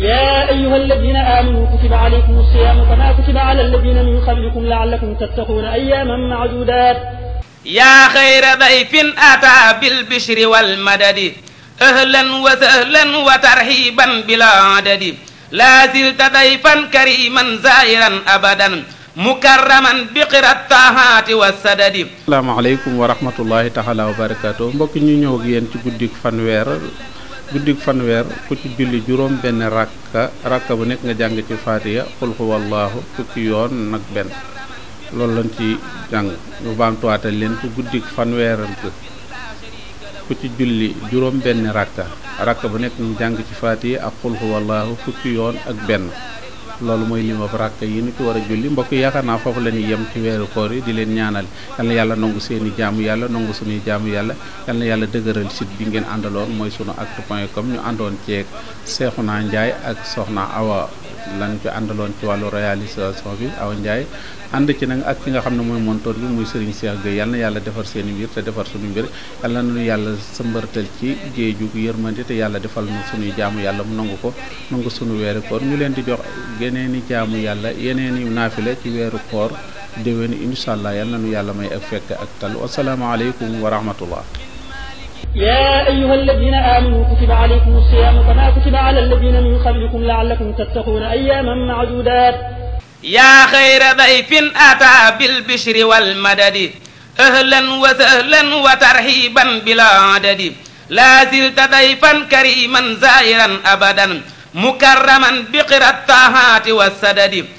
يا أيها الذين آمنوا كتب عليكم الصيام كما كتب على الذين من قبلكم لعلكم تتقون أياما معدودات يا خير ضيف أتى بالبشر والمدد أهلا وسهلا وترحيبا بلا عدد لا زلت ضيفا كريما زائرا أبدا mukarraman bi qirattahaati wa sadadi asalaamaaleykum wa rahmatullahi taala wa barakaatu mbokk ñu ñëw ak yéen ci guddik fanweer guddik fanweer ku ci julli juróom benn rakka rakka bu nekk nga jàng ci faatiya xul huwallaahu fukki yoon nag benn loolu lañ ci jàng ñu baamtuwaatal leen ku guddik fanweeral ko ku ci julli juróom benn rakka rakka bu nekk nga jàng ci faatiya ak xul huwallaahu fukki yoon ak benn loolu mooy li ma rakk yi ni ki war julli mbokk yaakaar naa foofu la ñuy yem ci weeru koor yi di leen ñaanal yal na yàlla nangu seen i jaamu yàlla nangu suñuy jaamu yàlla yal na yàlla dëgëral site bi ngeen àndaloon mooy sunu actu point com ñu àndoon ceeg naa Njaay ak Soxna Awa lan ci àndaloon ci wàllu réalisation bi aw Ndiaye ànd ci nag ak ki nga xam ne mooy montoor bi muy Serigne Cheikh Gueye yal na yàlla defar seen i mbir te defar suñu mbir yal na nu yàlla sëmbartal ci géeju yërmande te yàlla defal na suñuy jaamu yàlla mu nangu ko nangu suñu weeru koor ñu leen di jox yeneen i jaamu yàlla yeneen i naafile ci weeru koor déwén incha allah yal na nu yàlla may ak fekk ak tal wasalaamaaleykum wa rahmatullah. على الذين من قبلكم لعلكم تتقون أياما معدودات يا خير ضيف أتى بالبشر والمدد أهلا وسهلا وترحيبا بلا عدد لا زلت ضيفا كريما زائرا أبدا مكرما بقرى الطاعات والسدد